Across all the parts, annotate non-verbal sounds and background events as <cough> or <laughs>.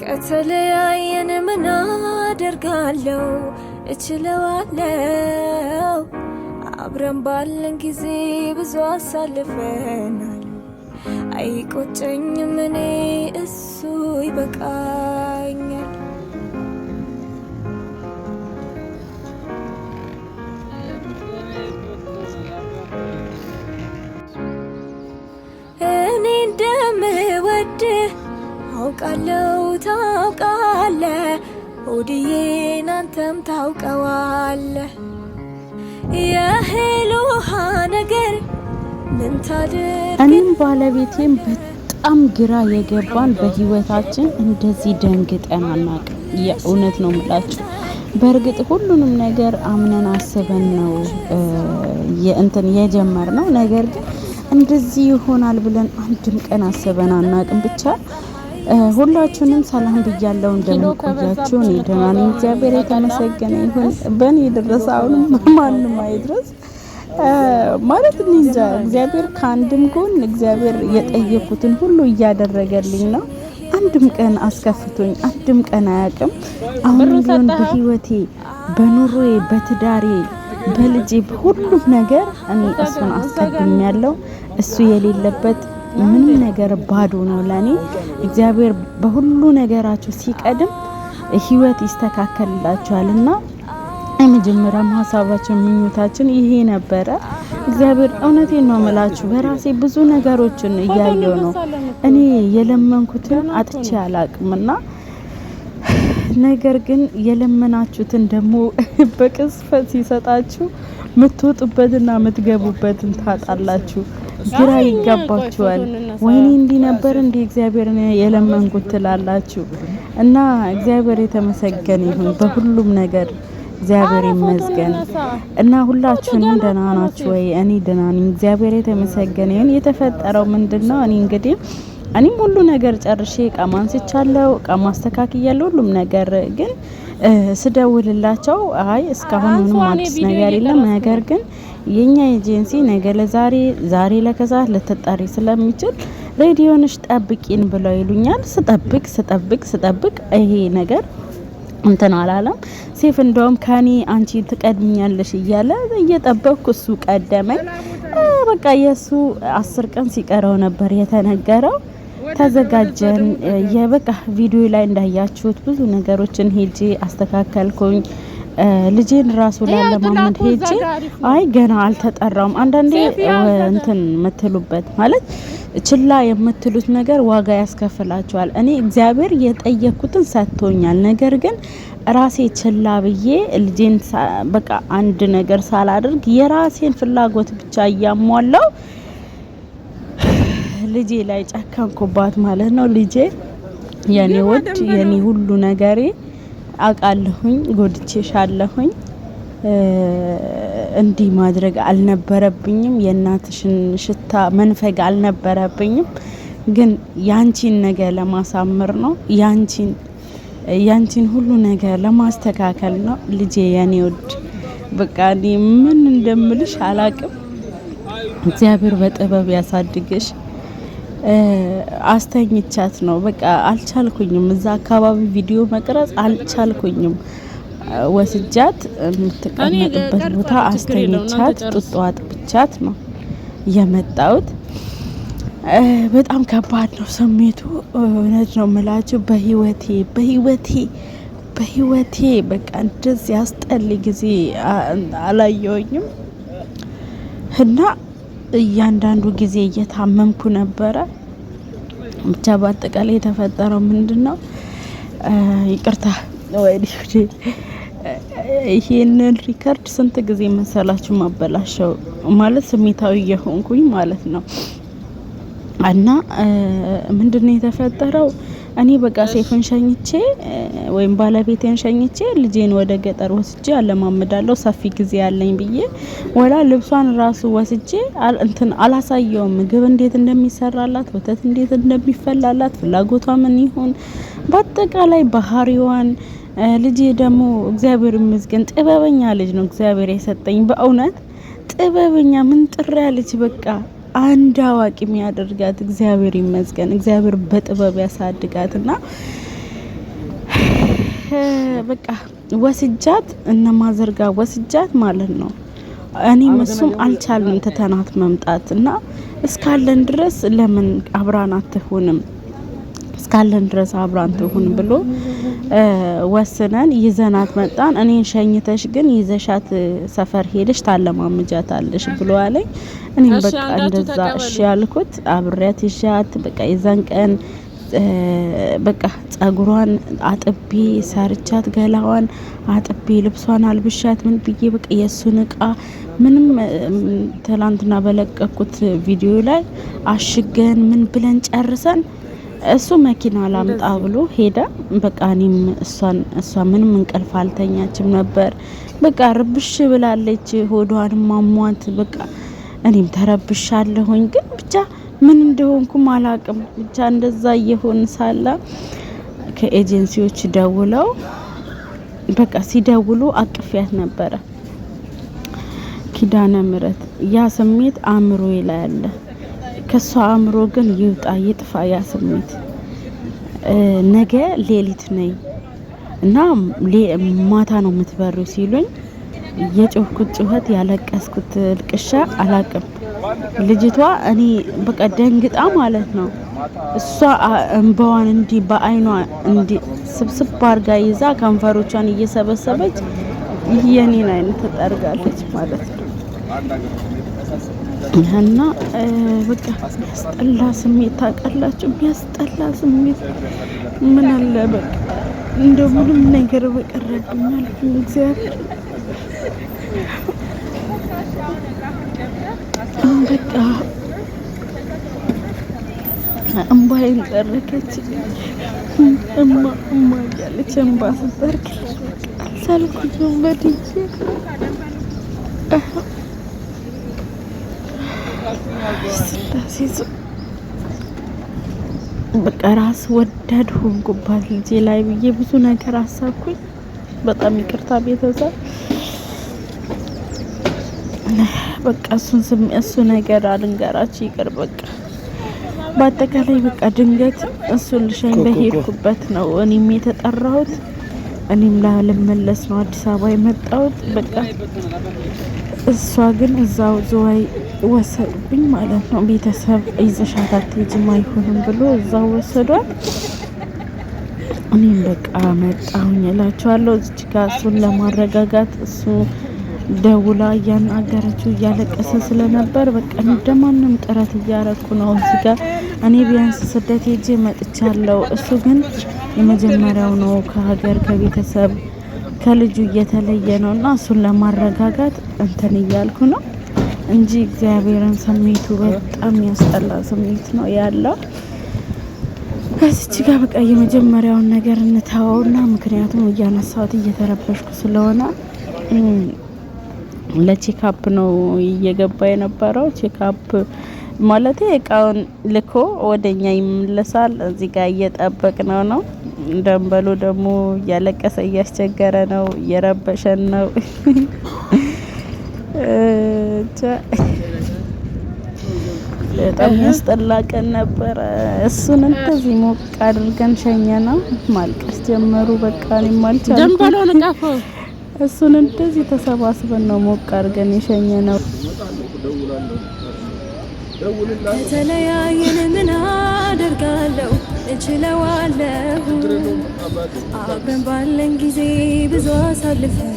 ከተለያየን ምን አደርጋለው? እችለዋለው አብረን ባለን ጊዜ ብዙ አሳልፈናል። አይቆጨኝም እኔ እሱ ይበቃል። አውቃለው ታውቃለ ሆድዬ ናንተም ታውቀዋለ የህል ውሃ ነገር ምን ታድር እኔም ባለቤቴም በጣም ግራ የገባን በህይወታችን እንደዚህ ደንግጠን አናውቅም። የእውነት ነው የምላችሁ። በእርግጥ ሁሉንም ነገር አምነን አስበን ነው የጀመር ነው ነገር ግን እንደዚህ ይሆናል ብለን አንድም ቀን አስበን አናውቅም ብቻ ሁላችሁንም ሰላም ብያለሁ። እንደምንቆያችሁ እኔ ደህና ነኝ፣ እግዚአብሔር የተመሰገነ ይሁን። በእኔ የደረሰ አሁንም ማንም አይድረስ ማለት እኔ እንጃ። እግዚአብሔር ከአንድም ጎን እግዚአብሔር የጠየኩትን ሁሉ እያደረገልኝ ነው። አንድም ቀን አስከፍቶኝ አንድም ቀን አያውቅም። አሁንም ቢሆን በህይወቴ፣ በኑሮዬ፣ በትዳሬ፣ በልጄ፣ በሁሉም ነገር እኔ እሱን አስቀድሜ ያለው እሱ የሌለበት ምንም ነገር ባዶ ነው ለእኔ። እግዚአብሔር በሁሉ ነገራቸው ሲቀድም ህይወት ይስተካከልላችኋል እና የመጀመሪያም ሀሳባችን ምኞታችን ይሄ ነበረ። እግዚአብሔር እውነቴን ነው ምላችሁ፣ በራሴ ብዙ ነገሮችን እያየው ነው። እኔ የለመንኩትን አጥቼ አላቅምና ነገር ግን የለመናችሁትን ደግሞ <laughs> በቅጽበት ሲሰጣችሁ የምትወጡበትና የምትገቡበትን ታጣላችሁ። ስራ ይገባችኋል። ወይኔ እንዲህ ነበር እንዲህ እግዚአብሔርን የለመንኩት ትላላችሁ እና እግዚአብሔር የተመሰገነ ይሁን በሁሉም ነገር እግዚአብሔር ይመስገን እና ሁላችሁንም ደህና ናችሁ ወይ? እኔ ደህና ነኝ። እግዚአብሔር የተመሰገነ ይሁን። የተፈጠረው ምንድን ነው? እኔ እንግዲህ እኔም ሁሉ ነገር ጨርሼ እቃ ማንስቻለሁ፣ እቃ ማስተካክያለሁ፣ ሁሉም ነገር ግን ስደውልላቸው አይ እስካሁን ምንም አዲስ ነገር የለም ነገር ግን የኛ ኤጀንሲ ነገ ለዛሬ ዛሬ ለከሰዓት ልትጠሪ ስለሚችል ሬዲዮንሽ ጠብቂን ብለው ይሉኛል። ስጠብቅ ስጠብቅ ስጠብቅ ይሄ ነገር እንትን አላለም። ሴፍ እንደውም ከኔ አንቺ ትቀድሚያለሽ እያለ እየጠበቅኩ እሱ ቀደመኝ። በቃ የእሱ አስር ቀን ሲቀረው ነበር የተነገረው። ተዘጋጀን። የበቃ ቪዲዮ ላይ እንዳያችሁት ብዙ ነገሮችን ሄጄ አስተካከልኩኝ። ልጄን ራሱ ላለማመድ ሄጄ አይ ገና አልተጠራም። አንዳንዴ እንትን የምትሉበት ማለት ችላ የምትሉት ነገር ዋጋ ያስከፍላቸዋል እኔ እግዚአብሔር የጠየኩትን ሰጥቶኛል። ነገር ግን ራሴ ችላ ብዬ ልጄን በቃ አንድ ነገር ሳላደርግ የራሴን ፍላጎት ብቻ እያሟላው ልጄ ላይ ጨከንኩባት ማለት ነው። ልጄ የኔ ወድ የኔ ሁሉ ነገሬ አውቃለሁኝ፣ ጎድቼሻለሁኝ፣ እንዲህ ማድረግ አልነበረብኝም፣ የእናትሽን ሽታ መንፈግ አልነበረብኝም። ግን ያንቺን ነገር ለማሳመር ነው ያንቺን ያንቺን ሁሉ ነገር ለማስተካከል ነው ልጄ፣ የኔ ውድ። በቃ እኔ ምን እንደምልሽ አላቅም። እግዚአብሔር በጥበብ ያሳድግሽ። አስተኝቻት ነው። በቃ አልቻልኩኝም። እዛ አካባቢ ቪዲዮ መቅረጽ አልቻልኩኝም። ወስጃት የምትቀመጥበት ቦታ አስተኝቻት ጡጧት ብቻት ነው የመጣሁት። በጣም ከባድ ነው ስሜቱ። እውነት ነው የምላችሁ። በህይወቴ በህይወቴ በህይወቴ በቃ እንደዚህ ያስጠል ጊዜ አላየሁኝም እና እያንዳንዱ ጊዜ እየታመምኩ ነበረ። ብቻ በአጠቃላይ የተፈጠረው ምንድን ነው? ይቅርታ ወይዲ ይሄንን ሪከርድ ስንት ጊዜ መሰላችሁ ማበላሸው ማለት ስሜታዊ የሆንኩኝ ማለት ነው። እና ምንድን ነው የተፈጠረው እኔ በቃ ሴፍን ሸኝቼ ወይም ባለቤቴን ሸኝቼ ልጄን ወደ ገጠር ወስጄ አለማምዳለሁ ሰፊ ጊዜ ያለኝ ብዬ ወላ ልብሷን ራሱ ወስጄ እንትን አላሳየውም። ምግብ እንዴት እንደሚሰራላት፣ ወተት እንዴት እንደሚፈላላት፣ ፍላጎቷ ምን ይሁን፣ በአጠቃላይ ባህሪዋን ልጄ ደግሞ እግዚአብሔር ይመስገን ጥበበኛ ልጅ ነው እግዚአብሔር የሰጠኝ በእውነት ጥበበኛ ምን ጥሪ ያለች በቃ አንድ አዋቂ የሚያደርጋት እግዚአብሔር ይመስገን። እግዚአብሔር በጥበብ ያሳድጋት እና በቃ ወስጃት እነ ማዘርጋ ወስጃት ማለት ነው። እኔም እሱም አልቻልንም ትተናት መምጣት እና እስካለን ድረስ ለምን አብራን አትሆንም? እስካለን ድረስ አብራን ትሁን ብሎ ወስነን ይዘናት መጣን። እኔን ሸኝተሽ ግን ይዘሻት ሰፈር ሄደሽ ታለማምጃታለሽ ብሎ አለኝ። እኔም በቃ እንደዛ እሺ ያልኩት አብሬያት ይዣት በቃ የዛን ቀን በቃ ጸጉሯን አጥቤ ሰርቻት ገላዋን አጥቤ ልብሷን አልብሻት ምን ብዬ በቃ የእሱን እቃ ምንም ትላንትና በለቀኩት ቪዲዮ ላይ አሽገን ምን ብለን ጨርሰን እሱ መኪና ላምጣ ብሎ ሄደ። በቃ እኔም እሷን እሷ ምንም እንቅልፍ አልተኛችም ነበር። በቃ ርብሽ ብላለች፣ ሆዷን ማሟት። በቃ እኔም ተረብሻለሁኝ፣ ግን ብቻ ምን እንደሆንኩም አላቅም። ብቻ እንደዛ እየሆን ሳለ ከኤጀንሲዎች ደውለው በቃ ሲደውሉ አቅፊያት ነበረ ኪዳነ ምሕረት ያ ስሜት አእምሮ ላይ አለ። ከእሷ አእምሮ ግን ይውጣ ይጥፋ ያ ስሜት። ነገ ሌሊት ነኝ እና ማታ ነው የምትበሩ ሲሉኝ የጮህኩት ጩኸት ያለቀስኩት ልቅሻ አላቅም። ልጅቷ እኔ በቃ ደንግጣ ማለት ነው እሷ እንባዋን እንዲህ በአይኗ እንዲህ ስብስብ አርጋ ይዛ ከንፈሮቿን እየሰበሰበች የኔን አይነት ተጠርጋለች ማለት ነው። እና በቃ ሚያስጠላ ስሜት ታውቃላችሁ፣ ሚያስጠላ ስሜት ምን አለ በቃ እንደ ምንም ነገር በቀረብኝ አልኩኝ። እግዚአብሔር በቃ እምባይን ጠረገች። እማ እማ እያለች እምባ ስትጠርግ ሳልኩኝ በድዬ በቃ ራስ ወዳድ ሆንኩባት ልጄ ላይ ብዬ ብዙ ነገር አሳብኩኝ በጣም ይቅርታ ቤተሰብ። በቃ እሱን ስም እሱ ነገር አልንገራችሁ ይቅር። በቃ በአጠቃላይ በቃ ድንገት እሱን ልሸኝ በሄድኩበት ነው እኔም የተጠራሁት። እኔም ላልመለስ ነው አዲስ አበባ የመጣሁት። በቃ እሷ ግን እዛው ዝዋይ ወሰዱብኝ ማለት ነው። ቤተሰብ ይዘሻት አትሄጂም አይሆንም ብሎ እዛ ወሰዷት። እኔም በቃ መጣሁኝ እላቸዋለሁ። እዚች ጋ እሱን ለማረጋጋት እሱ ደውላ እያናገረችው እያለቀሰ ስለነበር በቃ እንደማንም ጥረት እያረኩ ነው። እዚ ጋር እኔ ቢያንስ ስደት ሄጄ መጥቻለሁ። እሱ ግን የመጀመሪያው ነው ከሀገር ከቤተሰብ ከልጁ እየተለየ ነው እና እሱን ለማረጋጋት እንትን እያልኩ ነው እንጂ እግዚአብሔርን ስሜቱ በጣም ያስጠላ ስሜት ነው ያለው። ከዚች ጋር በቃ የመጀመሪያውን ነገር እንተወውና ምክንያቱም እያነሳሁት እየተረበሽኩ ስለሆነ ለቼካፕ ነው እየገባ የነበረው። ቼካፕ ማለት እቃውን ልኮ ወደኛ ይመለሳል። እዚህ ጋር እየጠበቅ ነው ነው ደንበሉ ደግሞ እያለቀሰ እያስቸገረ ነው፣ እየረበሸን ነው በጣም ያስጠላ ቀን ነበረ። እሱን እንደዚህ ሞቅ አድርገን ሸኘና ማልቀስ ጀመሩ። በቃ እኔም አልቻልኩም። እሱን እንደዚህ ተሰባስበን ነው ሞቅ አድርገን የሸኘ ነው። የተለያየን ምን አደርጋለሁ? እችለዋለሁ አብረን ባለን ጊዜ ብዙ አሳልፈን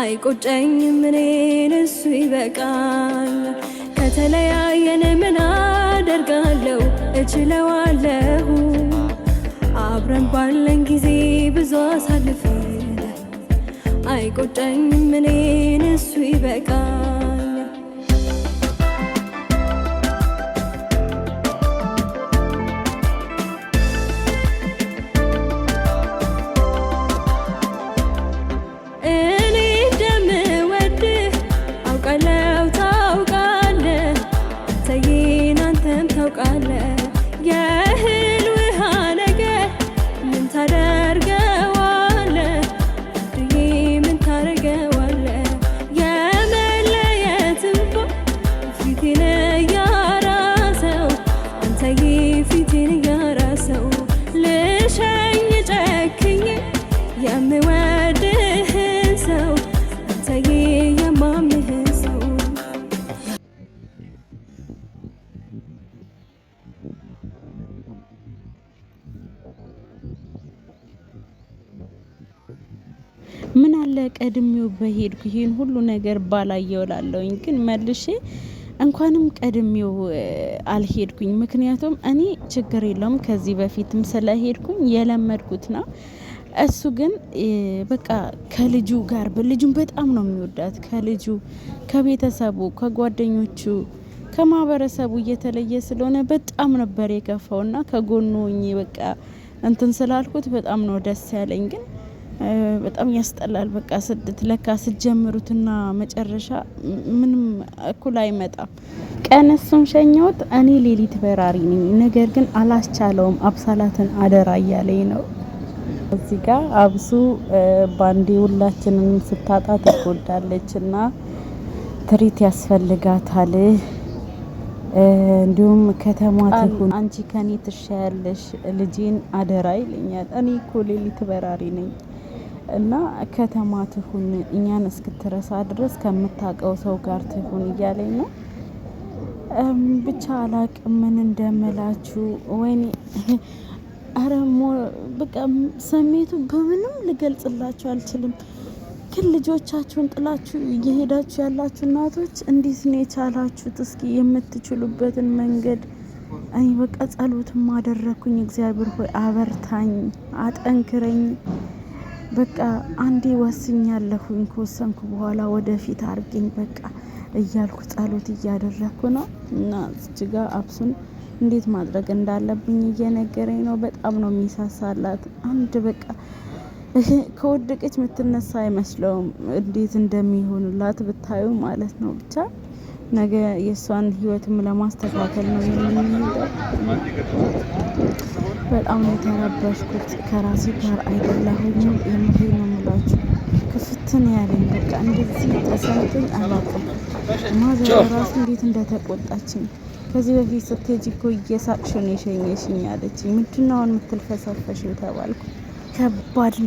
አይቆጨኝም እኔን እሱ ይበቃል። ከተለያየን ምን አደርጋለሁ እችለዋለሁ። አብረን ባለን ጊዜ ብዙ አሳልፈን አይቆጨኝም እኔን እሱ ይበቃል። አለ ቀድሜው በሄድኩ ይህን ሁሉ ነገር ባላየው እላለሁኝ። ግን መልሼ እንኳንም ቀድሜው አልሄድኩኝ። ምክንያቱም እኔ ችግር የለውም ከዚህ በፊትም ስለሄድኩኝ የለመድኩት ነው። እሱ ግን በቃ ከልጁ ጋር በልጁም በጣም ነው የሚወዳት። ከልጁ ከቤተሰቡ፣ ከጓደኞቹ፣ ከማህበረሰቡ እየተለየ ስለሆነ በጣም ነበር የከፋውና ከጎኑ ሆኜ በቃ እንትን ስላልኩት በጣም ነው ደስ ያለኝ ግን በጣም ያስጠላል። በቃ ስደት ለካ ስትጀምሩትና መጨረሻ ምንም እኩል አይመጣም። ቀን እሱን ሸኘሁት እኔ ሌሊት በራሪ ነኝ። ነገር ግን አላስቻለውም። አብሳላትን አደራ እያለኝ ነው። እዚህ ጋ አብሱ ባንዴ ሁላችንን ስታጣ ትጎዳለች እና ትሪት ያስፈልጋታል። እንዲሁም ከተማ ትሁን አንቺ ከኔ ትሻያለሽ፣ ልጄን አደራ ይለኛል። እኔ እኮ ሌሊት በራሪ ነኝ። እና ከተማ ትሁን እኛን እስክትረሳ ድረስ ከምታውቀው ሰው ጋር ትሁን እያለኝ ነው። ብቻ አላቅም ምን እንደምላችሁ። ወይኔ አረ በቃ ስሜቱ በምንም ልገልጽላችሁ አልችልም። ግን ልጆቻችሁን ጥላችሁ እየሄዳችሁ ያላችሁ እናቶች እንዴት ነው የቻላችሁት? እስኪ የምትችሉበትን መንገድ እኔ በቃ ጸሎትም አደረግኩኝ። እግዚአብሔር ሆይ አበርታኝ፣ አጠንክረኝ በቃ አንዴ ወስኛለሁኝ ከወሰንኩ በኋላ ወደፊት አርገኝ በቃ እያልኩ ጸሎት እያደረግኩ ነው እና እጅጋ አብሱን እንዴት ማድረግ እንዳለብኝ እየነገረኝ ነው። በጣም ነው የሚሳሳላት። አንድ በቃ ከወደቀች የምትነሳ አይመስለውም። እንዴት እንደሚሆንላት ብታዩ ማለት ነው ብቻ ነገ የእሷን ህይወትም ለማስተካከል ነው የምንሄደው። በጣም ነው የተረበሽኩት። ከራሴ ጋር አይደላሁኝም። የምሄ ነው የምላችሁ። ክፍትን ያለኝ በቃ እንደዚህ ተሰምቶኝ አላውቅም። ማዘር ራሱ እንዴት እንደተቆጣችኝ ከዚህ በፊት ስትሄጂ እኮ እየሳቅሽ ነው የሸኘሽኝ አለችኝ። ምንድን ነው አሁን የምትልፈሰፈሽው ተባልኩ። ከባድ ነው።